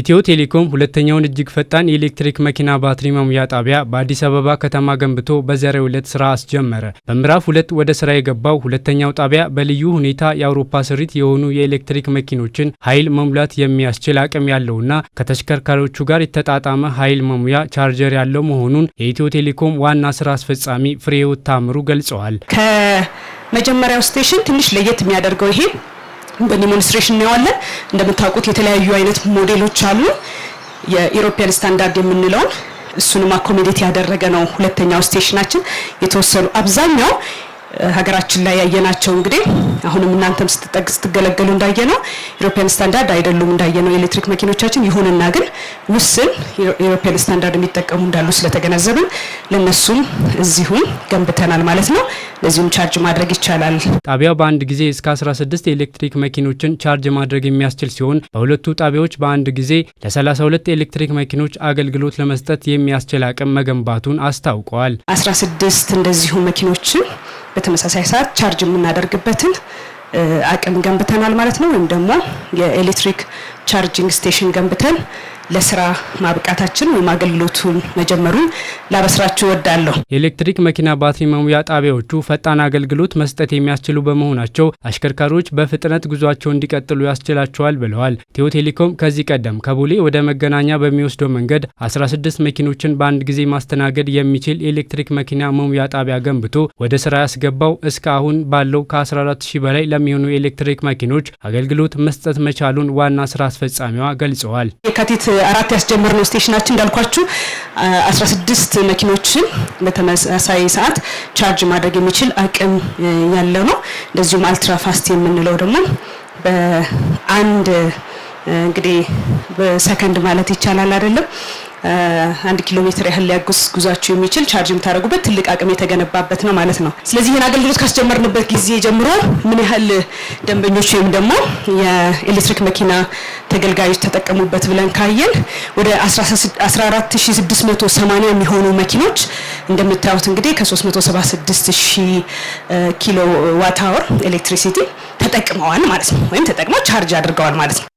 ኢትዮ ቴሌኮም ሁለተኛውን እጅግ ፈጣን የኤሌክትሪክ መኪና ባትሪ መሙያ ጣቢያ በአዲስ አበባ ከተማ ገንብቶ በዛሬው ዕለት ስራ አስጀመረ። በምዕራፍ ሁለት ወደ ስራ የገባው ሁለተኛው ጣቢያ በልዩ ሁኔታ የአውሮፓ ስሪት የሆኑ የኤሌክትሪክ መኪኖችን ኃይል መሙላት የሚያስችል አቅም ያለውና ከተሽከርካሪዎቹ ጋር የተጣጣመ ኃይል መሙያ ቻርጀር ያለው መሆኑን የኢትዮ ቴሌኮም ዋና ስራ አስፈጻሚ ፍሬህይወት ታምሩ ገልጸዋል። ከመጀመሪያው ስቴሽን ትንሽ ለየት የሚያደርገው ይሄ በዲሞንስትሬሽን እናየዋለን። እንደምታውቁት የተለያዩ አይነት ሞዴሎች አሉ። የኢሮፒያን ስታንዳርድ የምንለውን እሱንም አኮሚዴት ያደረገ ነው። ሁለተኛው ስቴሽናችን የተወሰኑ አብዛኛው ሀገራችን ላይ ያየናቸው እንግዲህ አሁንም እናንተም ስትጠግ ስትገለገሉ ነው። ኢሮፒያን ስታንዳርድ አይደሉም እንዳየነው የኤሌክትሪክ መኪኖቻችን። ይሁንና ግን ውስን ኢሮፒያን ስታንዳርድ የሚጠቀሙ እንዳሉ ስለተገነዘብን ለነሱም እዚሁም ገንብተናል ማለት ነው። ለዚሁም ቻርጅ ማድረግ ይቻላል። ጣቢያው በአንድ ጊዜ እስከ 16 የኤሌክትሪክ መኪኖችን ቻርጅ ማድረግ የሚያስችል ሲሆን በሁለቱ ጣቢያዎች በአንድ ጊዜ ለ32 የኤሌክትሪክ መኪኖች አገልግሎት ለመስጠት የሚያስችል አቅም መገንባቱን አስታውቀዋል። 16 እንደዚሁ መኪኖችን በተመሳሳይ ሰዓት ቻርጅ የምናደርግበትን አቅም ገንብተናል ማለት ነው። ወይም ደግሞ የኤሌክትሪክ ቻርጅንግ ስቴሽን ገንብተን ለስራ ማብቃታችን ወይም አገልግሎቱን መጀመሩን ላበስራችሁ እወዳለሁ። የኤሌክትሪክ መኪና ባትሪ መሙያ ጣቢያዎቹ ፈጣን አገልግሎት መስጠት የሚያስችሉ በመሆናቸው አሽከርካሪዎች በፍጥነት ጉዟቸው እንዲቀጥሉ ያስችላቸዋል ብለዋል። ኢትዮ ቴሌኮም ከዚህ ቀደም ከቦሌ ወደ መገናኛ በሚወስደው መንገድ 16 መኪኖችን በአንድ ጊዜ ማስተናገድ የሚችል የኤሌክትሪክ መኪና መሙያ ጣቢያ ገንብቶ ወደ ስራ ያስገባው እስከ አሁን ባለው ከ14 ሺህ በላይ የሚሆኑ የኤሌክትሪክ መኪኖች አገልግሎት መስጠት መቻሉን ዋና ስራ አስፈጻሚዋ ገልጸዋል። የካቲት አራት ያስጀመርነው ስቴሽናችን እንዳልኳችሁ 16 መኪኖችን በተመሳሳይ ሰዓት ቻርጅ ማድረግ የሚችል አቅም ያለው ነው። እንደዚሁም አልትራ ፋስት የምንለው ደግሞ በአንድ እንግዲህ በሰከንድ ማለት ይቻላል አይደለም አንድ ኪሎ ሜትር ያህል ሊያጉዝጉዛችሁ የሚችል ቻርጅ የምታደርጉበት ትልቅ አቅም የተገነባበት ነው ማለት ነው። ስለዚህ ይህን አገልግሎት ካስጀመርንበት ጊዜ ጀምሮ ምን ያህል ደንበኞች ወይም ደግሞ የኤሌክትሪክ መኪና ተገልጋዮች ተጠቀሙበት ብለን ካየን ወደ 14680 የሚሆኑ መኪኖች እንደምታዩት እንግዲህ ከ 376 ኪሎ ዋት አወር ኤሌክትሪሲቲ ተጠቅመዋል ማለት ነው፣ ወይም ተጠቅመው ቻርጅ አድርገዋል ማለት ነው።